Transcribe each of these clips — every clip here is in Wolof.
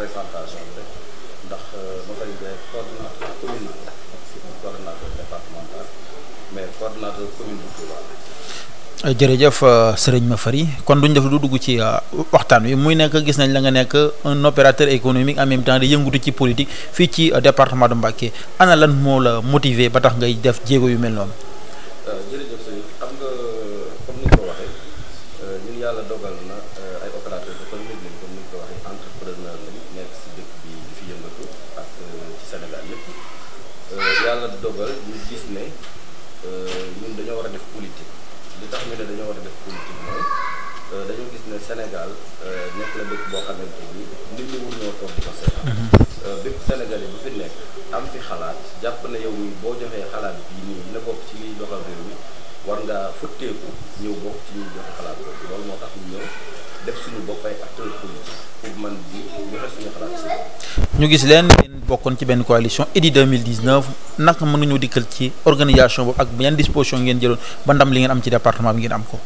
présentation bi euh, rek ma koy waxee coordonnateur commune bi kon duñ def lu dugg ci euh, waxtaan wi muy nekk gis nañ la nga nekk un opérateur économique en même temps di yëngutu ci politique fii ci euh, département de Mbacké ana lan moo la motiver ba tax ngay def jéego yu mel noonu. yàlla dogal ñu gis ne euh, ñun dañoo war a def politique li tax ñu dañoo war a def euh, dañoo gis ne Sénégal euh, nekk la dëkk boo xamante ni nit ñi mun ñoo toog di ko seetaan mhm. bépp Sénégalais bu fi nekk am fi xalaat jàpp ne yow mii boo joxee xalaat bii nii dina bokk ci liy doxal réew mi war ngaa futteeku ñëw bokk ci ñuy joxe xalaat boobu loolu moo tax ñu ñëw def suñu bopp ay acteurs politiques pour mën suñu xalaat ñu gis leen ngeen bokkoon ci benn coalition EDI 2019 naka mën nañu dikkal ci organisation boobu ak yan disposition ngeen jëloon ba ndam li ngeen am ci département bi ngeen am ko.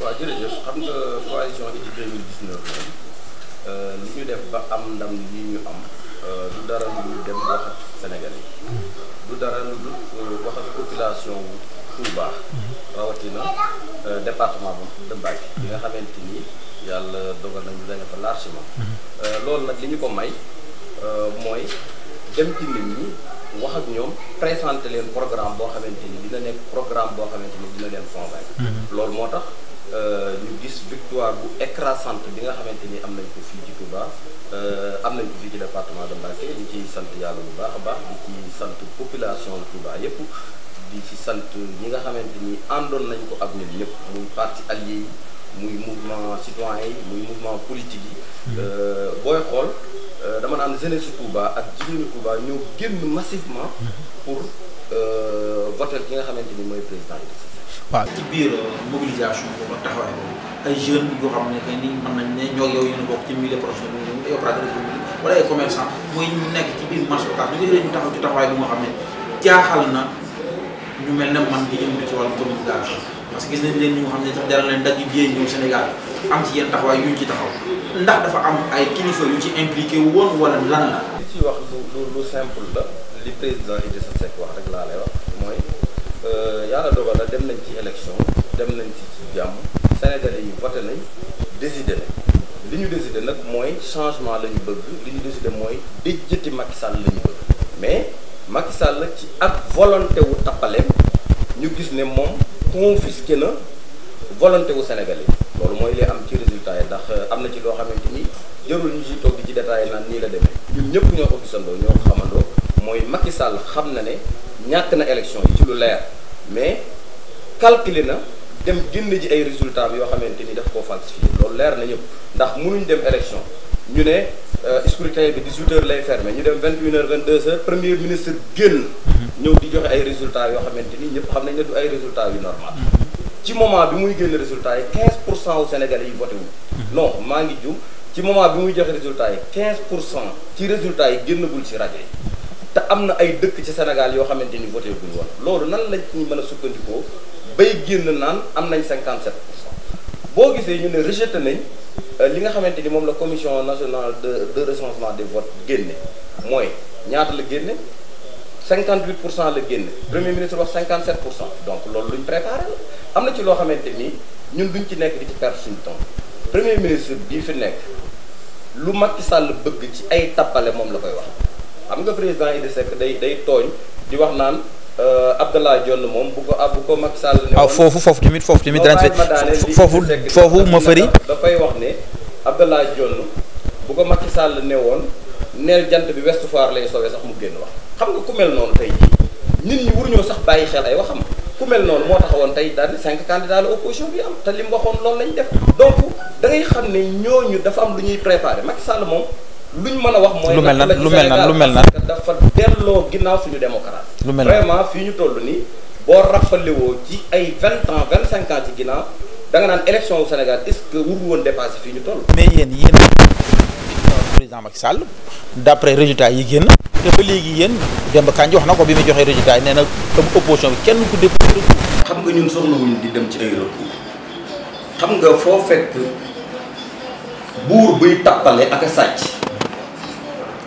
waaw jërëjëf xam nga coalition EDI 2019 euh, ñu def ba am ndam li ñu am euh, du dara lu dem wax ak Sénégalais du dara lu euh, wax ak population. Touba rawatina euh, département de Mbacké bi nga xamante ni yàlla dogal nañu dañu fa largement euh, loolu nag li ñu ko may euh, mooy dem ci ñi wax ak ñoom présenté leen programme boo xamante ni dina nekk programme boo xamante ni dina leen convaincre mm-hmm. loolu moo tax ñu gis victoire bu écrasante bi nga xamante ni am nañ ko fii ci Touba am nañ ko fii ci département de Mbacké ñu ci sant yàlla bu baax a baax di ci sant population Touba yépp di ci sant ñi nga xamante ni àndoon nañ ko ak ñun ñëpp muy parti allié yi muy mouvement citoyen yi muy mouvement politique yi mm. euh, booy xool euh, dama naan jeunesse Touba ak jigéenu Touba ñoo génn massivement mm-hmm. pour euh, voter ki nga xamante ni mooy président ci biir mobilisation boobu taxawaay boobu ay jeunes yoo xam ne que ni na nañ ñoo yow yéen bokk ci milieu professionnel bi ay opérateur taxawaay bu nga xam ne jaaxal na ñu mel ne man di yëngu ci wàllu communication parce que gis nañ leen ñi nga xam ne sax dara leen dagg biyee ñëw Sénégal am ci yenn taxawaay taxaw ndax dafa am ay kilifa yu ci impliqué woon wala lan la. li ci wax lu lu simple la li président Idrissa Seck wax rek laa lay wax mooy euh, yàlla dogal na dem nañ ci élection dem nañ ci jàmm Sénégalais yi voté nañ décidé nañ li ñu décidé nag mooy changement la ñu bëgg li ñu décidé mooy déjjati Macky Sall la ñu bëgg mais. Macky Sall ci ak volonté wu tappaleem ñu gis ne mom confisqué na volonté wu sénégalais lolu moy li am ci résultat yi ndax euh, am ci lo xamanteni ni ñu ci tok ci détaillé nan ni la demee ñun ñëpp ñoo ko gisandoo ñoo ko xamandoo mooy Macky Sall xam na ne ñàkk na élection yi ci lu leer mais calculé na dem génn ji ay résultats yo xamanteni daf ko falsifier lolu leer na ñëpp ndax mënuñ dem élection ñu ne euh, scrutin bi 18 heures lay fermé ñu dem 21 heures 22 heures premier ministre génn. Mm-hmm. ñëw di joxe ay résultats yoo xamante ni ñëpp xam nañ ne du ay résultats yu normal. Mm-hmm. ci moment bi muy génn résultats yi 15 pour cent wu Sénégalais yi voté mm-hmm. maa ngi jum ci moment bi muy joxe résultats yi 15 pour cent ci résultats yi génnagul ci rajo te am na ay dëkk ci Sénégal yoo xamante ni voté guñ woon loolu nan lañ ñu mën a sukkandikoo bay génn naan am nañ 57 pour cent boo gisee ñu ne rejeté nañ. Euh, li nga xamante ni moom la commission nationale de de recensement des votes génne mooy ñaata la génne 58 pour cent la génne premier ministre wax 57 donc loolu luñ préparé la am na ci loo xamante ni ñun duñ ci nekk di ci perte suñu temps premier ministre bii fi nekk lu Macky Sall bëgg ci ay tappale moom la koy wax xam nga président Idrissa Seck day day tooñ di wax naan. Euh, Abdallah Dionne moom bu ko bu ko Macky Sall ne ah, waaw foofu foofu tamit foofu tamit foofu foofu ma fëri dafay wax ne Abdallah Dionne bu ko Macky sàll ne woon neel jant bi Ouest Foire lay soowee sax mu génn wax xam nga ku noonu tey nit ñi waruñoo sax bàyyi xel ay waxam ku mel noonu moo taxawoon tey daal di cinq candidats opposition bi am te li mu waxoon loolu lañ def donc da xam ne ñooñu dafa am lu ñuy préparé Macky Sall moom luñ mën a wax mooy. lu mel na lu mel na lu mel na dafa delloo ginnaaw suñu démocrate. vraiment fii ñu toll nii boo rappelé woo ci ay vingt ans vingt ans ci ginnaaw da nga naan élection wu Sénégal est ce que wuru ñu mais président Macky Sall résultat yi ba wax bi résultat opposition kenn ku xam nga ñun di dem ci ay recours xam nga foo fekk buy ak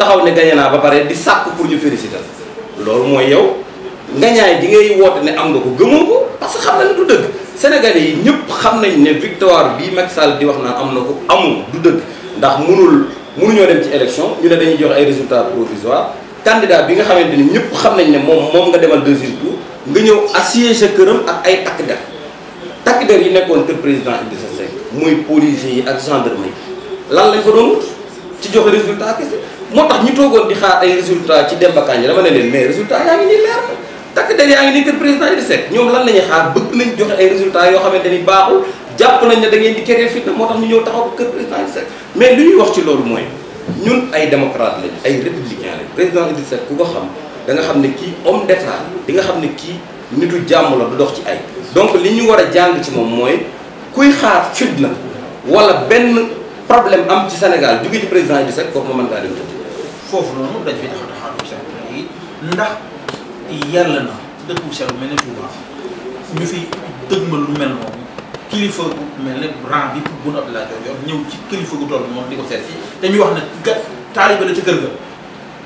taxaw ne gañe naa ba pare di sàkk pour ñu féliciter loolu mooy yow ngañaay di ngay woote ne am nga ko gëmoo ko parce que xam na ne du dëgg sénégalais yi ñëpp xam nañ ne victoire bii Macky Sall di wax naan am na ko amul du dëgg ndax mënul mënuñoo dem ci élection ñu ne dañuy jox ay résultats provisoires candidat bi nga xamante tak ñëpp xam nañ ne moom moom nga demal deuxième tour nga ñëw assiégé këram ak ay tak der tak der yi nekkoon kër président Idrissa Seck muy policiers ak gendarmerie lan lañ fa doon ci joxe résultat kese moo tax ñu toogoon di xaar ay résultat ci Demba Kandji dama ne leen mais résultat yaa ngi nii leer takk der yaa ngi nii kër président yi ñoom lan la xaar bëgg nañ joxe ay résultat yoo xamante ni baaxul jàpp nañ ne da ngeen di créer fitna moo tax ñu ñëw taxaw kër président yi wax ci loolu mooy ñun ay démocrate lañ ay républicain lañ président Idrissa Seck ku ko xam danga xam ne kii homme d'état di nga xam ne kii nitu jàmm la du dox ci ay donc li ñu war a jàng ci moom mooy kuy xaar fitna wala benn problème am ci Sénégal jóge ci président Idrissa Seck kooku foofu noonu dañ fi tax a taxaatu seetlu yi ndax yàlla na dëkk bu sell mel ne Touba ñu fi dëgmal lu mel noonu kilifa bu mel ne rang bi pour Boun Abdallah Dionne ñëw ci kilifa gu toll moom di ko seet si te ñu wax ne gat taaliba ci kër ga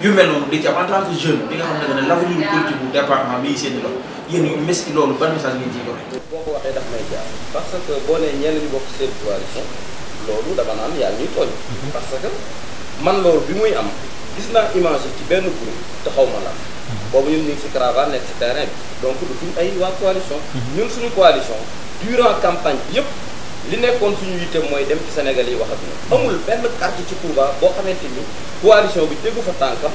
yu mel noonu di ci am en bi nga xam ne ne l'avenir politique bu département bi seen i loxo yéen ñu mes loolu ban message ngeen ciy joxe. boo ko waxee daf may jaar parce que boo nee ñenn ñu bokk seen coalition mhm. parce que man loolu bi muy am. gis naa image ci benn groupe taxaw ma la boobu ñun ñu ngi si caravane nekk si bi donc du duñ ay waa coalition ñun suñu coalition durant campagne bi yëpp li nekkoon suñu yitte mooy dem ci Sénégal yi wax a ñoom amul benn carte ci Touba boo xamante ni coalition bi déggu fa tànkam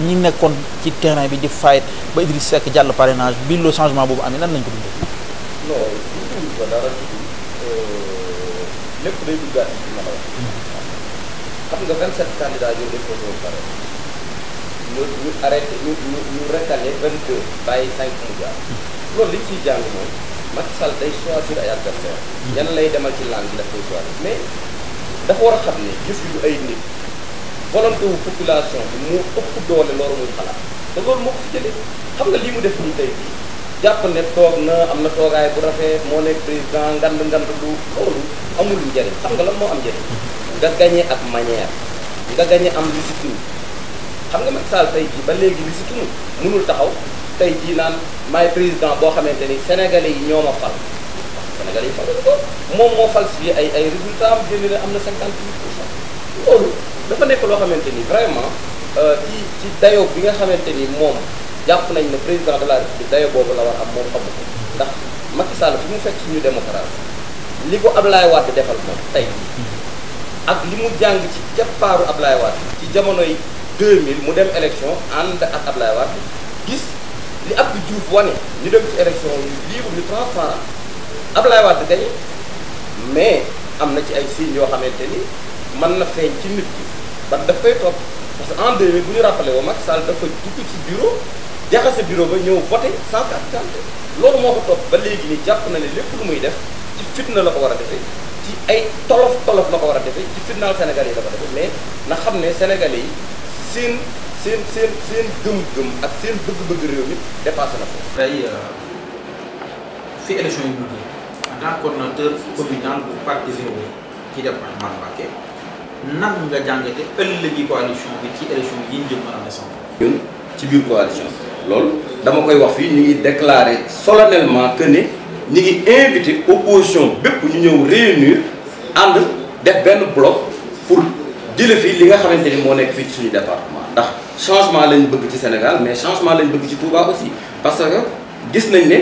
ñi nekkoon ci terrain bi di fight ba Idriss Seck jàll parrainage bi changement boobu amee nan lañ ko dundee. non dunduñu ko dara euh, lépp day duggaat ci mën a wax. xam nga 27 candidats yooyu dañ ko doon pare ñu ñu arrêté ñu bàyyi 5 mu li ciy jàng moom Macky Sall day choisir ay adversaires. ñan mm. lay demal ci langue bi daf choisir mais dafa war a xam ne gis yu ay nit. volonté wu population bi mu ëpp doole loolu muy xalaat te loolu moo ko fi jëlee xam nga lii mu def nii tey bii jàpp ne toog na am na toogaay bu rafet moo nekk président ngand ngand lu loolu amul njëriñ xam nga lan moo am njëriñ nga gagné ak manière nga gagné am légitime xam nga Macky Sall tey jii ba léegi légitime mënul taxaw tey jii naan maay président boo xamante ni sénégalais yi ñoo ma fal sénégalais yi fal moom moo falsifié ay ay résultats am génne ne am na 58 pour dafa nekk loo xamante ni vraiment euh, ci ci dayo bi nga xamante ni moom jàpp nañ ne président de la république dayo boobu la war am moom xamu ko ndax Macky Sall fi mu fekk suñu démocratie li ko Ablaye Wade defal moom tey ak li mu jàng ci keppaaru Ablaye Wade ci jamonoy 2000 mu dem élection ànd ak Ablaye Wade gis li Abdou Diouf wane ñu dem ci élection yu libre ñu transparent Ablaye Wade gañe mais am na ci ay signes yoo xamante ni man na feeñ ci nit ki ba daf koy topp parce que en 2000 bu ñu rappelé woo Macky Sall dafa dugg ci bureau jaxase bureau ba ñëw voté sans carte d'identité loolu moo ko topp ba léegi ni jàpp na ne lépp lu muy def ci fitna la ko war a defee ci ay tolof tolof la ko war a defee ci fitnaal Sénégal yi la ko defee mais na xam ne Sénégalais yi seen seen seen seen gëm-gëm ak seen bëgg-bëgg réew mi dépassé la ko. tey euh, fi élection yi mujjee en tant que coordonnateur communal bu parti Rewmi ci nan nga jangate ëllëgi coalition bi ci élection yi ñu jëm mën a descendre. ñun ci biir coalition loolu dama koy wax fi ñu ngi déclarer solennellement que ne ñu ngi invité opposition bépp ñu ñëw réunir and def benn bloc pour jële fi li nga xamante ni moo nekk fii ci suñu département ndax changement lañ bëgg ci Sénégal mais changement lañ bëgg ci Touba aussi parce que gis nañ ne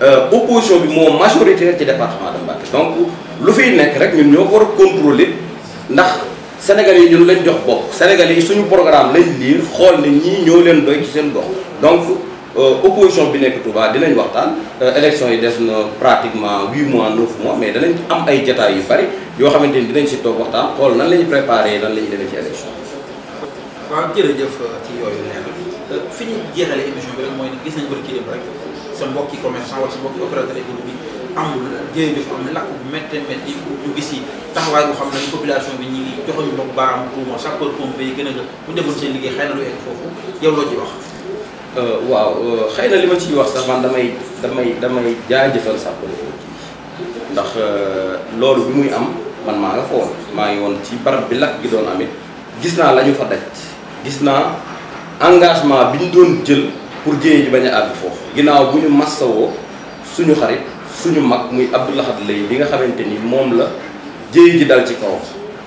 euh, opposition bi moo majoritaire ci département de Mbacké donc lu fiy nekk rek ñun ñoo ko war a contrôler ndax Sénégalais ñu lañ jox bok Sénégalais suñu programme lañ lire xol ne ñi ñoo leen doy ci seen gox donc euh, opposition bi nek Touba dinañ waxtaan euh, élection yi des na pratiquement 8 mois 9 mois mais danañ am ay jataay yu bari yo xamanteni dinañ ci tok waxtaan xol nan lañ ñu préparé nan lañ défé ci élection waaw jërëjëf euh, ci yooyu nee fiñu jéxalé jeexale émission bi rek moy ni gis nañ bërki dem rek sa mbokki commerçant wala sa mbokki opérateur économique am jéey bi fa am ne lakk bu méttee métti ñu gis yi taxawaay bu xam ne population bi ñu ngi joxuñu bopp baaraam tuuma sapeur pompe yi gën a gën bu defoon seen liggéey xëy na lu egg foofu yow loo ci wax euh, waaw euh, xëy na li ma ciy wax sax man damay damay damay jaajëfal sapeur pompe ndax euh, loolu bi muy am man maa nga fa woon maa ngi woon ci barab bi lakk gi doon amit gis naa la ñu fa daj gis naa engagement bi ñu doon jël pour jéey ji bañ a àgg foofu ginnaaw bu ñu suñu xarit suñu mag muy Abdou Lahad Lay li nga xamante ni moom la jéey ji dal ci kaw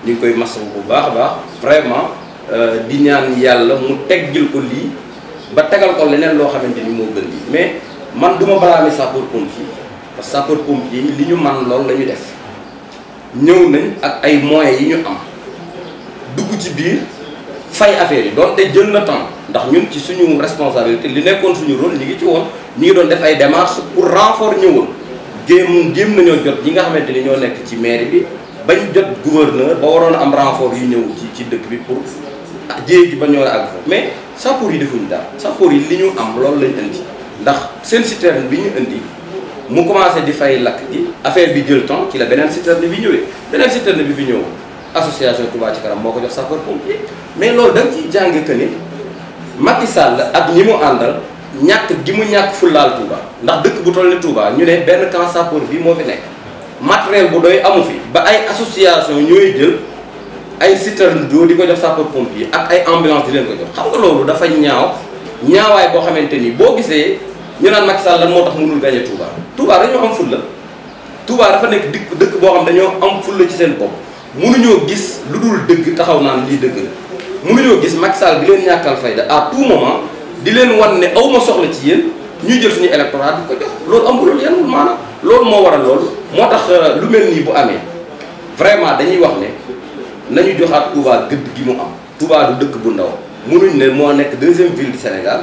ñu ngi koy masawu bu baax a baax vraiment euh, di ñaan yàlla mu teggil ko lii ba tegal ko leneen loo xamante ni moo gën lii mais man du ma balaame sapeur pompier parce que sapeur pompier yi li ñu man loolu la ñu def ñëw nañ ak ay moyens yi ñu am dugg ci biir fay affaire yi doon doonte jël na temps ndax ñun ci suñu responsabilité li nekkoon suñu rôle ñi ngi ci woon ñu ngi doon def ay démarches pour rafor ñëwoon jéem jéem nañoo jot ñi nga xamante ni ñoo nekk ci mair bi bañ jot gouverneur ba waroon am renfort yu ñëw ci ci dëkk bi pour jéeg ji ba ñoo la àgg fa mais sapeurs yi defuñu daal sapeurs yi li ñu am lool lañ indi ndax seen citerne bi ñu indi mu commencé di fay lakk ji affaire bi jël temps ci la beneen citerne bi ñëwee beneen citerne bi fi ñëw association Touba ci kanam moo ko jox sapeur pompier mais loolu da nga ciy jàng que ni Macky Sall ak ñi mu àndal. ñàkk gi mu ñàkk fullaal Touba ndax dëkk bu toll ni tuubaa ñu ne benn camp sapeur bi moo fi nekk matériel bu doy amu fi ba ay association ñooy jël ay citerne d'eau di ko jox sapeur pompier ak ay ambulance di leen ko jox xam nga loolu dafa ñaaw ñaawaay boo xamante ni boo gisee ñu naan Macky Sall lan moo tax mënul gañe Touba Touba dañoo am fulla Touba dafa nekk dëkk dëkk boo xam dañoo am fulla ci seen bopp mënuñoo gis lu dul dëgg taxaw naan lii dëgg la mënuñoo gis Macky Sall bi leen ñàkkal fayda à tout moment di leen wan ne aw ma soxla ci yéen ñuy jël suñu électorat di ko jox loolu amul loolu yanul maanaam loolu moo waral loolu moo tax euh, lu mel nii bu amee vraiment dañuy wax ne nañu joxaat Touba gëdd gi mu am Touba du dëkk bu ndaw mënuñ ne moo nekk deuxième ville du Sénégal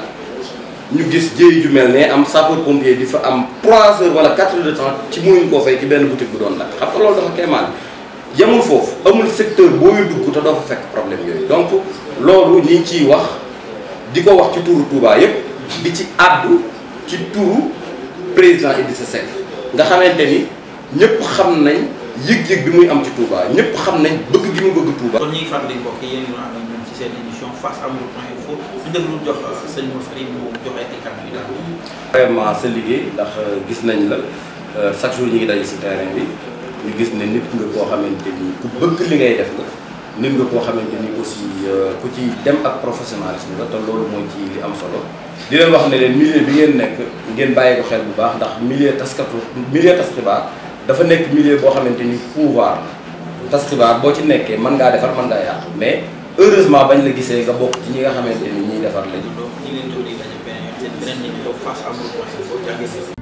ñu gis jéey ju mel ne am sapeur pompier di fa am 3 heures wala 4 heures de temps ci mënuñ koo fay ci benn boutique bu doon lakk xam nga loolu dafa kéemaan yemul foofu amul secteur boo yu dugg te doo problème yooyu donc loolu diko wax ci tuuru Touba yëpp di ci addu ci tuuru président Idrissa Seck nga xamanteni ñepp xam nañ yëg-yëg bi muy am ci Touba ñepp xam nañ bëgg gi mu bëgg Touba. kon ñuy di mbokk yéen ñu am ñun ci seen émission face à Mourides point info ñu def lu jox euh, sëñ Mor fari mu joxe ay kàddu vraiment sa liggéey ndax euh, gis nañ la euh, chaque jour ñu ngi daje ci terrain bi ñu gis ne nit nga koo xamante ni ku bëgg li ngay def nga. nit nga koo xamante ni aussi euh, ku ci dem ak professionnalisme la te loolu mooy ci li am solo di leen wax ne leen milieu bi ngeen nekk ngeen bàyyi xel bu baax ndax milieu taskatu milieu tas xibaar dafa nekk milieu boo xamante ni pouvoir la tas xibaar boo ci nekkee mën ngaa defar man ngaa yàq mais heureusement bañ la gisee nga bokk ci ñi nga xamante ni ñiy defar lañu. donc ñi leen tuuti dañu beneen beneen